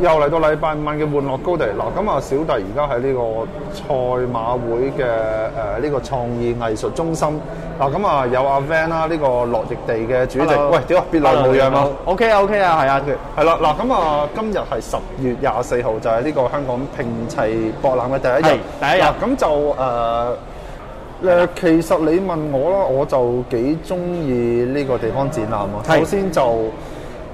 又嚟到禮拜五嘅玩樂高地嗱，咁啊小弟而家喺呢個賽馬會嘅誒呢個創意藝術中心嗱，咁啊、呃、有阿 Van 啦，呢個落葉地嘅主席，Hello, 喂，屌啊？別來無恙啊。OK 啊，OK 啊，係啊，佢係啦，嗱，咁啊，今日係十月廿四號，就係、是、呢個香港拼砌博覽嘅第一日，第一日，咁、呃、就誒誒、呃呃，其實你問我啦，我就幾中意呢個地方展覽啊，是首先就。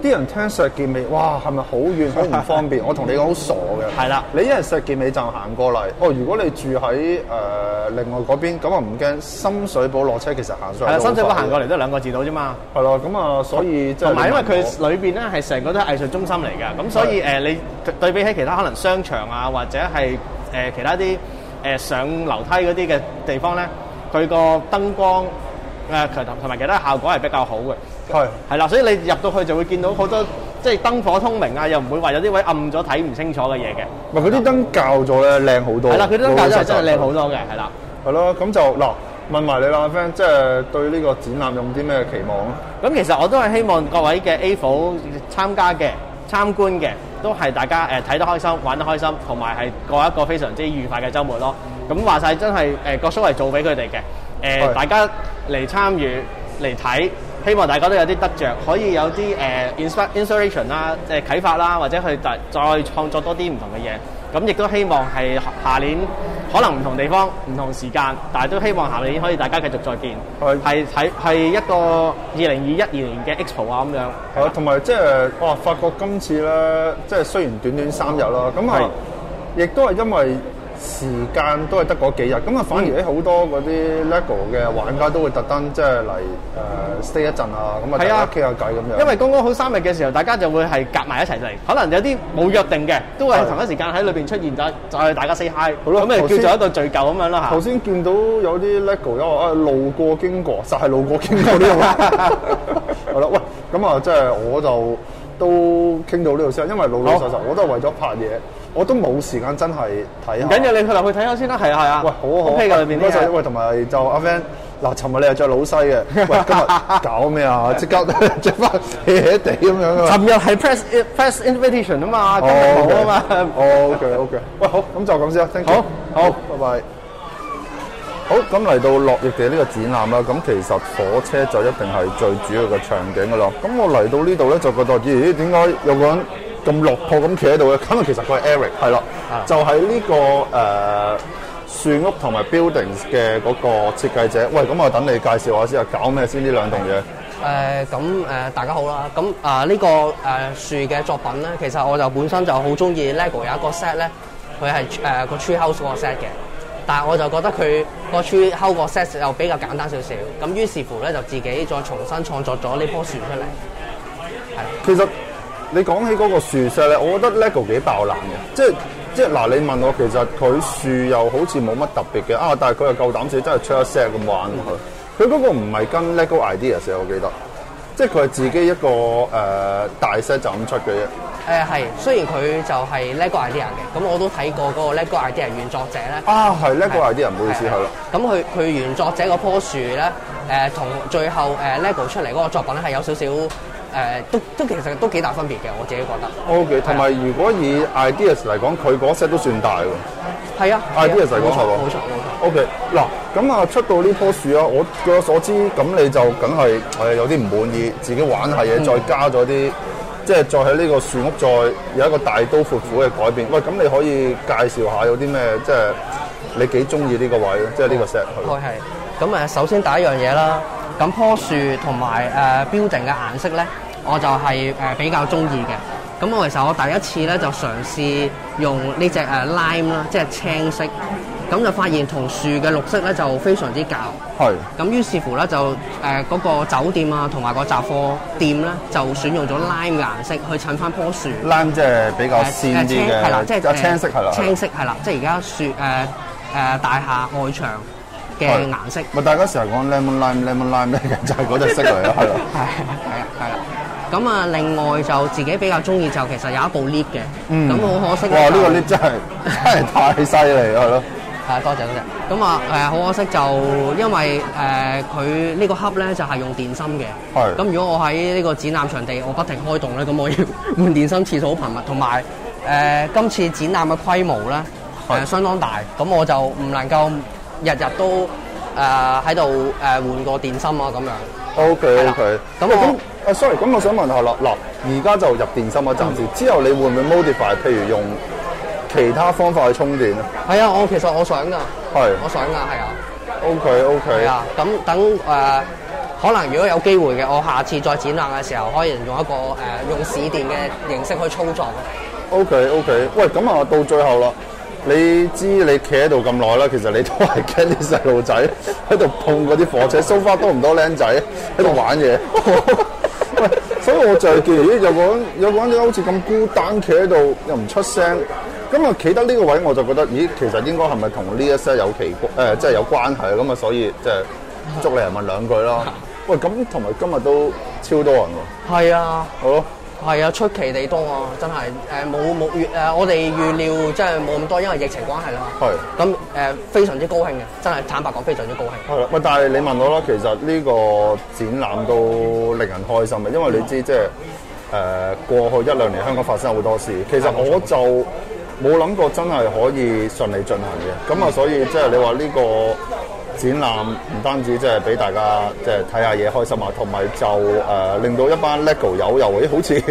啲人聽石硤尾，哇，係咪好遠好唔方便？ 我同你講好傻嘅。係啦的，你一係石硤尾就行過嚟，哦，如果你住喺誒、呃、另外嗰邊，咁啊唔驚。深水埗落車其實行上去。係啦，深水埗行過嚟都兩個字到啫嘛。係咯，咁啊，所以同埋有因為佢裏邊咧係成個都係藝術中心嚟嘅，咁所以誒的、呃、你對比起其他可能商場啊，或者係誒、呃、其他啲誒、呃、上樓梯嗰啲嘅地方咧，佢個燈光誒同同埋其他效果係比較好嘅。係，係啦是，所以你入到去就會見到好多即係燈火通明啊，又唔會話有啲位暗咗睇唔清楚嘅嘢嘅。佢啲的的燈校咗咧，靚好多。係啦，佢啲燈校咗真係靚好多嘅，係啦。係咯，咁就嗱，問埋你啦，friend，即係對呢個展覽有冇啲咩期望咧？咁其實我都係希望各位嘅 AFO 參加嘅、參觀嘅，都係大家誒睇、呃、得開心、玩得開心，同埋係過一個非常之愉快嘅週末咯。咁話晒，真係誒，個 show 係做俾佢哋嘅，誒、呃、的大家嚟參與嚟睇。來看希望大家都有啲得着，可以有啲誒 inspiration 啦，呃、inspiration，即係啟發啦，或者去再再創作多啲唔同嘅嘢。咁亦都希望係下年可能唔同地方、唔同時間，但係都希望下年可以大家繼續再見。係是，係係一個二零二一二年嘅 echo 啊咁樣。係啊，同埋即係哇，發、啊、覺今次咧，即係雖然短短三日啦，咁係，亦都係因為。時間都係得嗰幾日，咁啊反而好多嗰啲 lego 嘅玩家都會特登即係嚟誒 stay 一陣啊，咁啊大家傾下偈咁樣。因為剛剛好三日嘅時候，大家就會係夾埋一齊嚟，可能有啲冇約定嘅，都係同一時間喺裏邊出現，就就係大家 say hi，咁啊的叫做一個聚舊咁樣啦嚇，頭先見到有啲 lego 因為啊路過經過，就係路過經過呢度啦。係啦， 喂，咁啊即係我就都傾到呢度先，因為老老實實好我都係為咗拍嘢。我都冇時間真係睇，唔緊要，你去落去睇下先啦。係啊係啊，喂，好好咩噶裏面啲嘢，喂，同埋就阿 Van 嗱，尋日你係着老西嘅，喂，今日搞咩啊？即刻着翻斜斜地咁樣。尋日係 press press invitation 啊嘛，好啊嘛。哦，OK OK，好，咁就咁先啦。Thank you。好，好，拜拜。好，咁嚟到落翼嘅呢個展覽啦。咁其實火車就一定係最主要嘅場景噶啦。咁我嚟到呢度咧，就覺得咦？點解有個人？咁落魄咁企喺度嘅，咁啊其實佢係 Eric，係咯，啊、就係呢、呢個誒、呃、樹屋同埋 buildings 嘅嗰個設計者。喂，咁我等你介紹下先，搞咩先呢兩棟嘢？誒、呃，咁、呃、大家好啦。咁啊呢個誒、呃、樹嘅作品咧，其實我就本身就好中意 LEGO 有一個 set 咧，佢係誒個 tree house 個 set 嘅。但係我就覺得佢個 tree house 個 set 又比較簡單少少，咁於是乎咧就自己再重新創作咗呢棵樹出嚟。係，其實。你講起嗰個樹 set 呢，咧，我覺得 LEGO 幾爆冷嘅，即係即係嗱，你問我其實佢樹又好似冇乜特別嘅啊，但係佢又夠膽死，真係出 set 咁玩佢。佢嗰、嗯、個唔係跟 LEGO Ideas 嘅，我記得，即係佢係自己一個誒、嗯呃、大 set 就咁出嘅啫。誒係、呃，雖然佢就係 LEGO Ideas 嘅，咁我都睇過嗰個 LEGO Ideas 原作者咧。啊，係是 LEGO Ideas 唔好意思係啦。咁佢佢原作者嗰棵樹咧，誒、呃、同最後 LEGO 出嚟嗰個作品咧係有少少。誒、呃，都都其實都幾大分別嘅，我自己覺得。O K，同埋如果以 ideas 嚟講，佢嗰 set 都算大㗎。係啊，ideas 嚟講冇錯喎。冇錯冇錯。O K，嗱，咁啊、okay，出到呢棵樹啊，我據我所知，咁你就梗係、呃、有啲唔滿意，自己玩下嘢，嗯、再加咗啲，即係再喺呢個樹屋再有一個大刀闊斧嘅改變。喂，咁你可以介紹一下有啲咩？即係你幾中意呢個位，嗯、即係呢個 set 佢。我係。咁啊，首先第一樣嘢啦。咁樖樹同埋 building 嘅顏色咧，我就係誒比較中意嘅。咁我其實我第一次咧就嘗試用呢隻 lime 啦，啊、lime、即係青色。咁就發現同樹嘅綠色咧就非常之夾。係是。咁於是乎咧就嗰、呃嗰個酒店啊，同埋個雜貨店咧就選用咗 lime 嘅顏色去襯翻棵樹。lime 即係比較鮮啲嘅、呃。誒青。係啦，即係青色係啦。青色係啦，即係而家樹誒誒大廈外牆嘅顏色，咪大家成日講 lemon lime lemon lime， 就係嗰隻色嚟咯，係啦，係啊 ，係啦。咁啊，另外就自己比較中意就其實有一部 lift 嘅，咁好、嗯、可惜、就係。哇！呢、呢個 lift 真係 真係太犀利啦，係咯。係啊，多謝多謝。咁啊，誒好可惜就因為誒佢、呃、呢個盒咧就係、係、用電芯嘅，咁的如果我喺呢個展覽場地我不停開動咧，咁我要換電芯次數好頻密，同埋誒今次展覽嘅規模咧係、呃、的相當大，咁我就唔能夠。日日都誒喺度誒換個電芯啊咁樣。OK OK。咁、哎、啊咁 sorry 咁我想問下樂樂，而家就入電芯啊暫時，嗯、之後你會唔會 modify，譬如用其他方法去充電？係啊，我其實我想噶。係的。我想噶係啊。OK OK。係啊 Okay, okay.。咁等誒、呃，可能如果有機會嘅，我下次再展覽嘅時候，可以用一個誒、呃、用市電嘅形式去操作啊。OK OK。喂，咁啊到最後啦。你知你企喺度咁耐啦，其實你都係驚啲細路仔喺度碰嗰啲火車 ，So far 多唔多靚仔喺度玩嘢？ 喂，所以我就係見咦，有一個人有個人好似咁孤單企喺度，又唔出聲，咁啊企得呢個位，我就覺得咦，其實應該係咪同呢一 set 有奇誒，即、呃、係、就是、有關係咁啊，所以即係、就是、捉你問兩句咯。啊、喂，咁同埋今日都超多人喎。係啊，好。係啊，出奇地多啊，真係誒冇冇預誒，我哋預料即係冇咁多，因為疫情關係啦。係的。咁誒、呃，非常之高興嘅，真係坦白講非常之高興。係啦，喂，但係你問我啦，其實呢個展覽都令人開心嘅，因為你知即係誒過去一兩年香港發生好多事，其實我就冇諗過真係可以順利進行嘅。咁啊、嗯，所以即係你話呢個。展覽唔單止即係俾大家即係睇下嘢開心啊，同埋就誒、呃、令到一班 LEGO 友又咦、呃、好似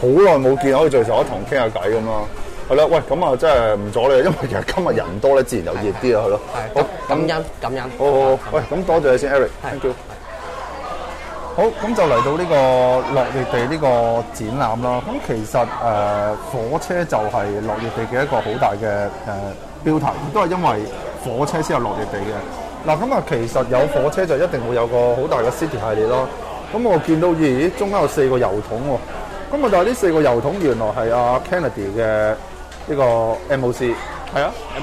好耐冇見，可以聚首一堂同傾下偈咁咯。係啦，喂，咁啊，即係唔阻你，因為其實今日人多咧，自然就熱啲啊，係咯。係，好感恩感恩。好好，喂，咁、哎、多謝你先，Eric，thank you。好，咁就嚟到呢、這個落葉地呢個展覽啦。咁其實誒、呃、火車就係落葉地嘅一個好大嘅誒標題，呃、也都係因為火車先有落葉地嘅。嗱咁啊，其實有火車就一定會有個好大嘅 City 系列咯。咁我見到，咦，中間有四個油桶喎。咁啊，就係呢四個油桶，原來係阿 Kennedy 嘅呢個 MOC、啊。係 MOC 啊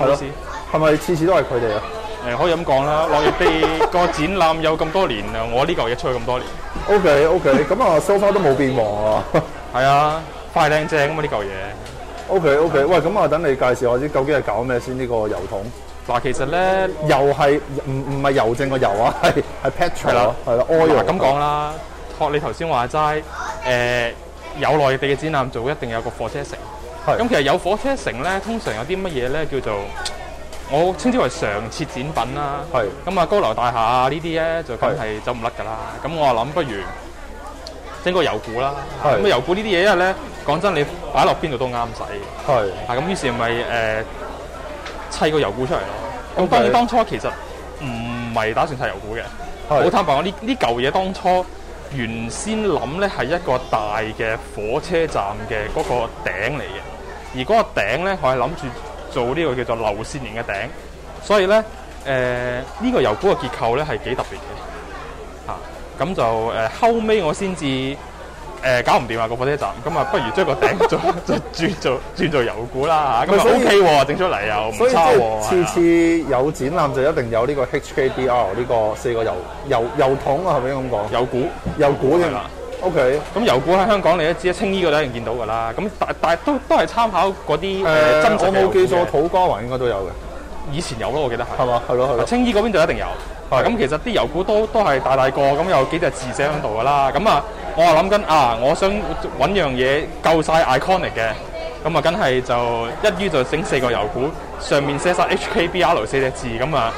，MOC 係咪次次都係佢哋啊？誒，可以咁講啦。落亦啲 個展覽有咁多年啊。我呢嚿嘢出去咁多年。OK，OK，咁啊，sofa 都冇變喎。係 啊，快靚正啊嘛呢嚿嘢。OK，OK，Okay, okay, 喂，咁啊，等你介紹下啲究竟係搞咩先呢個油桶？嗱，其實咧，又係唔唔係郵政個油啊？係係 petrol，係啦 oil 咁講啦，學的、嗯、你頭先話齋，誒、呃、有內地嘅展覽，就一定有一個火車城。咁是的 其實有火車城咧，通常有啲乜嘢咧，叫做我稱之為常設展品啦。咁啊是的、嗯，高樓大廈啊呢啲咧，就梗係走唔甩㗎啦。咁是的 我啊諗，不如整個油鼓啦。咁啊，油鼓呢啲嘢因為咧，講真，你擺落邊度都啱使。係啊，咁於是咪誒，呃砌個油鼓出嚟咯，咁 Okay. 當然當初其實唔係打算砌油鼓嘅。好 Yes. 坦白我呢呢舊嘢當初原先諗咧係一個大嘅火車站嘅嗰個頂嚟嘅，而嗰個頂咧我係諗住做呢個叫做流線型嘅頂，所以咧誒呢個油鼓嘅結構咧係幾特別嘅，嚇、啊、咁就誒、呃、後尾我先至。誒搞唔掂啊個火車站，咁啊不如將個頂做轉做轉做油鼓啦嚇，咁啊 OK 喎，整出嚟又唔差喎。所以次次有展覽就一定有呢個 HKDR 呢個四個油油油桶啊，係咪咁講？油鼓，油鼓添啊，OK。咁油鼓喺香港你都知啊，青衣嗰度一定見到㗎啦。咁但但係都都係參考嗰啲真，我冇記錯土瓜灣應該都有嘅，以前有咯，我記得係。係嘛，係咯係咯，青衣嗰邊就一定有。咁其實啲油鼓都都係大大個，咁有幾隻字寫喺度㗎啦。咁啊～我話諗緊啊，我想揾樣嘢夠晒 iconic 嘅，咁啊，梗係就一於就整四個油鼓，上面寫晒 HKBL 四隻字，咁啊，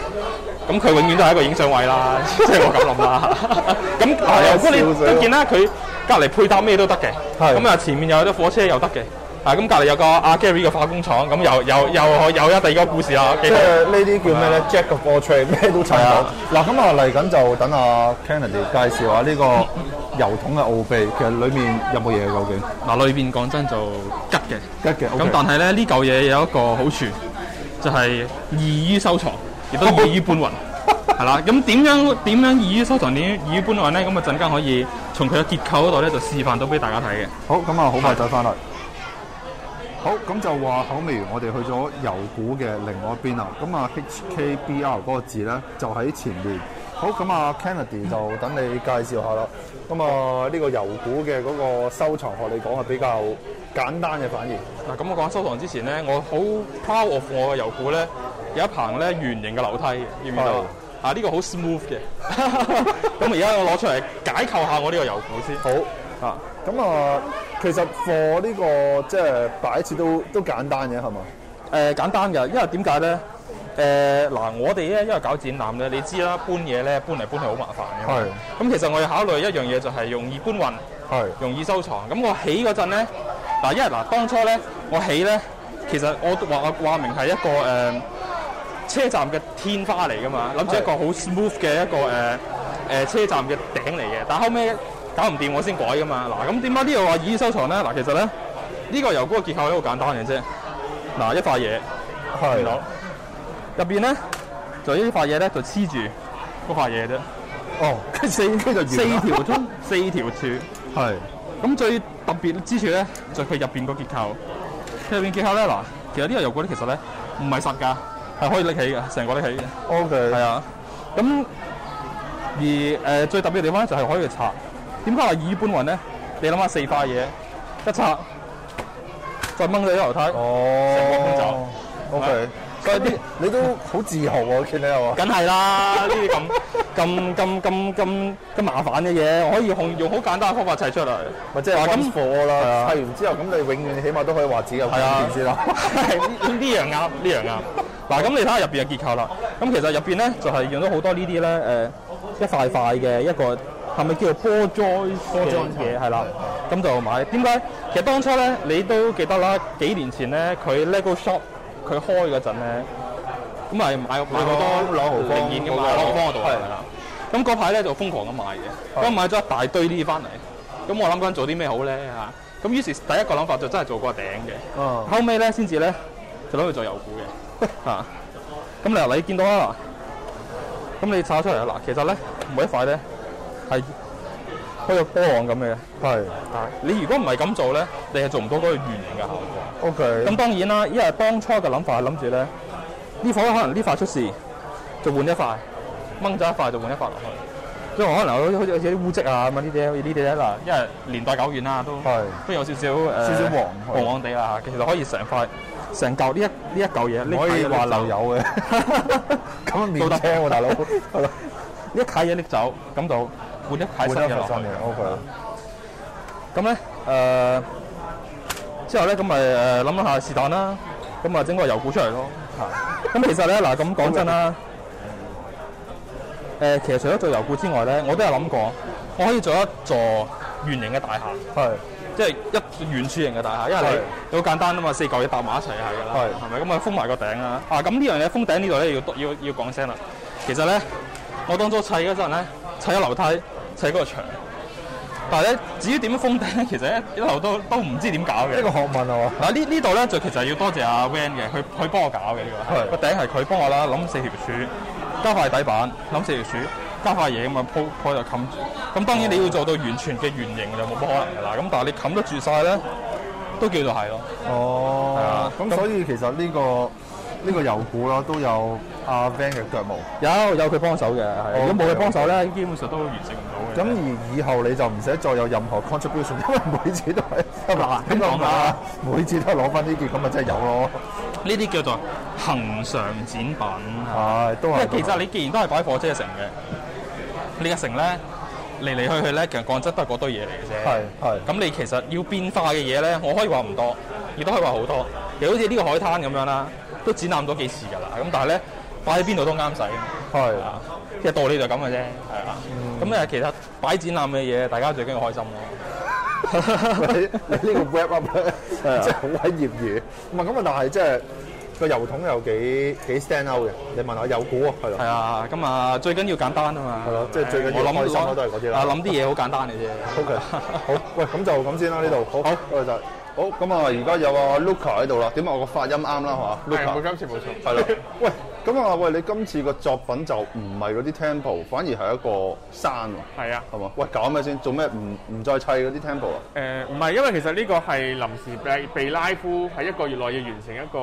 咁佢永遠都係一個影相位啦，即係 我咁諗啦。咁但係油鼓你見啦，佢隔離配搭咩都得嘅，咁啊是、嗯、前面又有隻火車又得嘅。啊！咁隔離有個阿、啊、Gary 嘅化工廠，咁又又又又一第二個故事啊！即係呢啲叫咩咧？Jack of all trades，咩都插手。嗱咁啊，嚟緊、啊、就等阿 Kennedy 介紹下呢個油桶嘅奧秘。其實裏面有冇嘢？究竟嗱，裏、啊、面講真就吉嘅，吉嘅。咁、okay、但係咧，呢嚿嘢有一個好處，就係、是、易於收藏，亦都易於搬運，係啦。咁點樣點樣易於收藏？點易於搬運咧？咁啊，陣間可以從佢嘅結構嗰度咧，就示範到俾大家睇嘅。好，咁啊，好快就翻去。好，咁就話好。例如我哋去咗油鼓嘅另外一邊啦，咁啊 HKBR 嗰個字咧就喺前面。好，咁啊 Kennedy 就等你介紹下啦。咁啊呢個油鼓嘅嗰個收藏學嚟講係比較簡單嘅，反應，嗱，咁我講收藏之前咧，我好 proud of 我嘅油鼓咧，有一棚咧圓形嘅樓梯，見唔見到？是啊，呢、呢個好 smooth 嘅。咁而家我攞出嚟解構下我呢個油鼓先。好。咁啊，其實貨呢、這個即係擺設都都簡單嘅係嘛？誒、呃，簡單嘅，因為點解咧？誒，嗱，我哋咧因為搞展覽咧，你知啦，搬嘢咧搬嚟搬去好麻煩嘅。係是。咁、嗯、其實我要考慮一樣嘢就係容易搬運，係是容易收藏。咁、嗯、我起嗰陣咧，嗱，因為嗱當初咧我起咧，其實我都話話明係一個誒、呃、車站嘅天花嚟噶嘛，諗住是一個好 smooth 嘅一個誒誒、呃、車站嘅頂嚟嘅，但後尾。搞唔掂我先改噶嘛，嗱，咁點解呢度話已收藏咧？嗱，其實咧呢、呢個油鼓嘅結構係一個簡單嘅啫，嗱一塊嘢見到，入的面咧就呢一塊嘢咧就黐住嗰塊嘢啫。哦，四條就四條鍾，四條柱是。係。咁最特別之處咧，就係佢入面個結構，入面結構咧嗱，其實呢個油鼓咧其實咧唔係實㗎，係可以拎起嘅，成個拎起嘅。OK。係啊。咁而、呃、最特別嘅地方咧就係可以去拆。點解話耳般雲咧？你諗下四塊嘢一拆，再掹咗啲油胎，哦，成個搬走。O K，所以啲你都好自豪喎，Ken，你係嘛？梗係啦，呢啲咁咁咁咁咁咁麻煩嘅嘢，可以用用好簡單嘅方法砌出嚟。或者係話咁貨啦，砌完之後咁你永遠起碼都可以話自己有經驗先啦。呢樣啱，呢樣啱。嗱，咁你睇下入邊嘅結構啦。咁其實入邊咧就係用咗好多呢啲咧誒一塊塊嘅一個。係咪叫做波裝嘅嘢係啦，咁莊就買。點解？其實當初咧，你都記得啦。幾年前咧，佢 Lego Shop 佢開嗰陣咧，咁係買,買,買，係嗰個攞紅磚嘅嘛，朗豪坊嗰度係啦。咁嗰排咧就瘋狂咁買嘅。咁的買咗一大堆呢啲翻嚟。咁我諗緊做啲咩好咧嚇？咁於是第一個諗法就真係做個頂嘅。嗯、後尾咧先至咧就攞去做油鼓嘅。 啊，咁你又你見到啦？咁你炒出嚟嗱，其實咧每一塊咧。係好似波浪咁嘅，係。你如果唔係咁做咧，你係做唔到嗰個圓形嘅效果。O K。咁當然啦，因為當初嘅諗法係諗住咧，呢火可能呢塊出事，就換一塊，掹咗一塊就換一塊落去。因為可能好似好似啲污跡啊，咁呢啲呢啲呢嗱，因為年代久遠啦，都都有少少誒，少少黃黃黃地啦嚇。其實可以成塊、成嚿呢一呢一嚿嘢，你可以話漏油嘅。咁都得喎，大佬。係啦，一睇嘢拎走，咁就。換啲派生嘅咯，咁咧誒之後咧咁咪誒諗諗下是但啦，咁啊整個油鼓出嚟咯，咁 其實咧嗱咁講真啦，誒為、呃、其實除咗做油鼓之外咧，我都係諗過我可以做一座圓形嘅大廈，即係是一圓柱形嘅大廈，因為你好簡單啊嘛，四嚿嘢搭埋一齊係㗎啦，係咪咁啊封埋個頂啊？啊咁呢樣嘢封頂呢度咧要要要講聲啦，其實咧我當初砌嗰陣咧砌咗樓梯。砌嗰個牆，但係咧，至於點樣封頂咧，其實咧一路都都唔知點搞嘅。呢個學問啊！嗱，呢呢度咧就其實要多謝阿 Van 嘅，佢佢幫我搞嘅呢個。個頂係佢幫我啦，諗四條柱，加塊底板，諗四條柱，加塊嘢咁啊鋪鋪，鋪就冚住。咁當然你要做到完全嘅圓形就冇乜可能啦。咁、哦、但係你冚得住晒咧，都叫做係咯。哦，係啊。咁所以其實呢、呢個呢、呢個油鼓啦都有阿、啊、Van 嘅腳毛。有有佢幫手嘅，係 okay，如果冇佢幫手咧，基本上都完成。咁而以後你就唔使再有任何 contribution，因為每次都係咁啊，拎每次都係攞翻呢啲，咁咪真係有咯。呢啲叫做恒常展品。係、啊，都係。因為其實你既然都係擺貨車嘅城嘅，你嘅城咧嚟嚟去去咧，其實講真都係嗰堆嘢嚟嘅啫。係係。咁你其實要變化嘅嘢咧，我可以話唔多，亦都可以話好多。又好似呢個海灘咁樣啦，都展覽咗幾次㗎啦。咁但係咧擺喺邊度都啱使。係是。即係道理就咁嘅啫，係啊。咁係其他擺展覽嘅嘢，大家最緊要開心喎。你呢個 wrap up 呢，即係好閪業餘。唔係咁啊，但係即係個油桶又幾幾 stand out 嘅。你問下有股喎，係咯。係啊，咁啊，最緊要簡單啊嘛。係咯，即係最緊要開心咯，都係嗰啲啊。諗啲嘢好簡單嘅啫。OK，好。喂，咁就咁先啦，呢度好。好，各好，咁啊，而家有啊，Luca 喺度啦。點啊？我個發音啱啦，係嘛？Luca，冇錯，係啊喂。咁啊喂！你今次個作品就唔係嗰啲 temple，反而係一個山喎。係啊，係嘛？喂，搞咩先？做咩唔唔再砌嗰啲 temple 啊？呃，唔係，因為其實呢個係臨時被，被拉夫喺一個月內要完成一個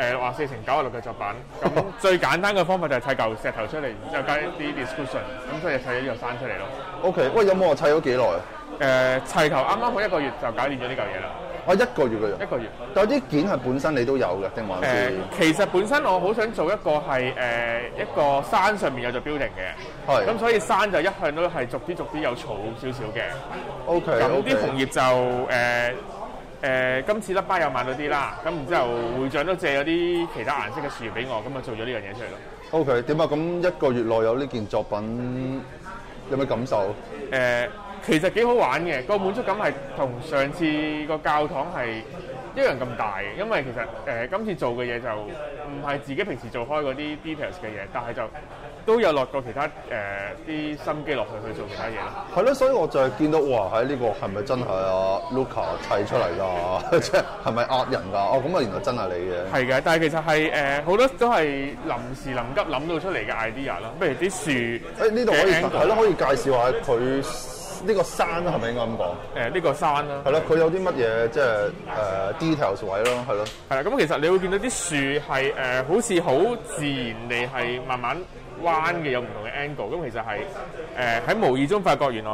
誒話四乘九啊六嘅作品。咁最簡單嘅方法就係砌嚿石頭出嚟，然之後加啲 discussion，咁所以砌咗呢個山出嚟咯。OK，喂，有冇話砌咗幾耐啊？誒，砌頭啱啱好一個月就搞掂咗呢嚿嘢啦。我、啊、一個月嘅月，一個月，但係啲件係本身你都有嘅定還是？誒、呃，其實本身我好想做一個係誒、呃、一個山上面有座 building 嘅，係的。咁所以山就一向都係逐啲逐啲有草少少嘅。O Okay , K。咁啲紅葉就誒誒，今次粒巴又買咗啲啦。咁然之後會長都借咗啲其他顏色嘅樹葉俾我，咁就做咗呢、okay, 樣嘢出嚟咯。O K。點啊？咁一個月內有呢件作品有咩感受？誒、呃。其實幾好玩嘅，個滿足感係同上次個教堂係一樣咁大嘅，因為其實誒、呃、今次做嘅嘢就唔係自己平時做開嗰啲 details 嘅嘢，但係就都有落過其他誒啲、呃、心機落去去做其他嘢咯。係咯，所以我就係見到哇，喺、哎、呢、呢個係咪真係啊？Luca 砌出嚟㗎，即係係咪呃人㗎？哦，咁啊，原來真係你嘅。係嘅，但係其實係誒好多都係臨時臨急諗到出嚟嘅 idea 咯，譬如啲樹。誒呢度可以係咯，可以介紹下佢。呢個山係咪應該咁講？誒，呢個山啦。係啦，佢有啲乜嘢即係誒 details 位咯，係咯。係啦，咁其實你會見到啲樹係誒好似好自然地係慢慢彎嘅，有唔同嘅 angle。咁其實係誒喺無意中發覺，原來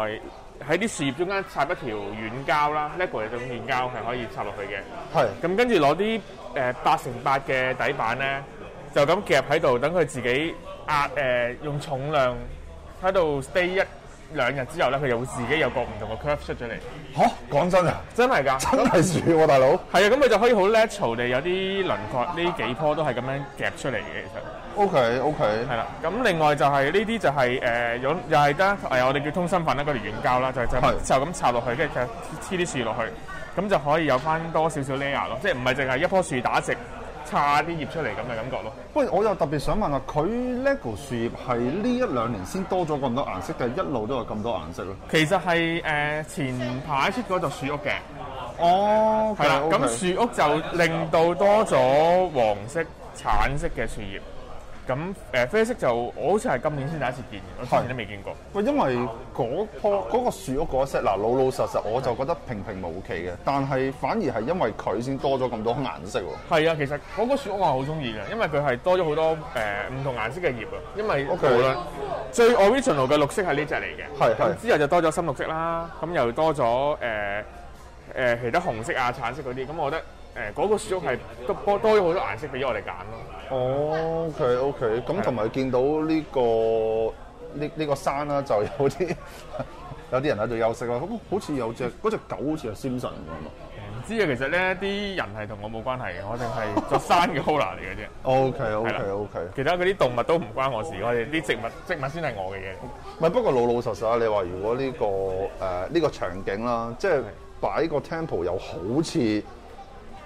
喺啲樹葉中間插一條軟膠啦，lego 嘅種軟膠係可以插落去嘅。係。咁跟住攞啲誒八乘八嘅底板咧，就咁夾喺度，等佢自己壓誒用重量喺度 stay 一。兩日之後咧，佢又會自己有個唔同嘅 curve 出咗嚟。嚇，講真啊，真係㗎，真係樹喎大佬。係啊，咁佢就可以好 natural 地有啲輪廓，呢幾棵都係咁樣夾出嚟嘅。其實 OK OK。係啦，咁另外就係呢啲就係誒有又係得、哎、我哋叫通心粉啦，嗰條軟膠啦，就就就咁插落去，跟住就黐啲樹落去，咁就可以有翻多少少 layer 咯，即係唔係淨係一棵樹打直。差啲葉出嚟咁嘅感覺咯。不過我又特別想問下，佢呢個樹葉係呢一兩年先多咗咁多顏色定一路都有咁多顏色咧？其實係、呃、前排出嗰座樹屋嘅。哦、oh, okay , okay.，係啦，咁樹屋就令到多咗黃色、橙色嘅樹葉。咁誒啡色就我好似係今年先第一次見是我之前都未見過。喂，因為嗰棵嗰個樹屋嗰色嗱老老實實，我就覺得平平無奇嘅。的但係反而係因為佢先多咗咁多顏色喎。係啊，其實嗰棵樹屋我係好中意嘅，因為佢係多咗好多呃唔同顏色嘅葉啊。因為屋論 Okay 最 original 嘅綠色係呢隻嚟嘅，係係之後就多咗深綠色啦，咁又多咗呃呃其他紅色啊、橙色嗰啲，咁我覺得。誒嗰、呃那個樹屋係多多多咗好多顏色俾咗我哋揀咯。哦，OK OK，咁同埋見到呢個呢呢的、這個這個山啦，就有啲 有啲人喺度休息啦。咁好似有隻嗰隻狗好似係仙神咁啊？唔、嗯、知啊，其實咧啲人係同我冇關係嘅，我淨係作山嘅 Hula 嚟嘅啫。 OK OK OK，是的其他嗰啲動物都唔關我事，我哋啲植物植物先係我嘅嘢。唔、okay、係不，不過老老實實，你話如果呢、這個誒呢、呃這個場景啦，即、就、係、是、擺個 temple 又好似。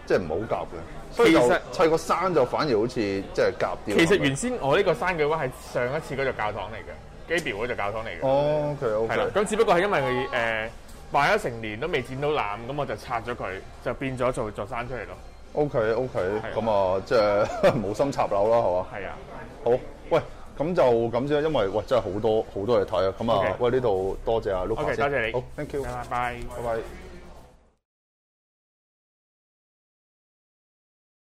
即係唔好夾嘅，其實砌個山就反而好似即係夾掉。其實原先我呢個山嘅話係上一次嗰座教堂嚟嘅基 a b 嗰教堂嚟嘅。哦、oh,，OK，OK okay ,、okay.。啦，咁只不過係因為呃，擺咗成年都未剪到攬，咁我就拆咗佢，就變咗做座山出嚟咯。OK，OK，咁啊，即係冇心插柳啦，係嘛？係啊的。好，喂，咁就咁先啦，因為喂真係好多好多嘢睇 Okay. 啊，咁啊 Okay, 先，喂呢度多謝阿 l u a o 多謝你。好，Thank you。拜拜。拜拜。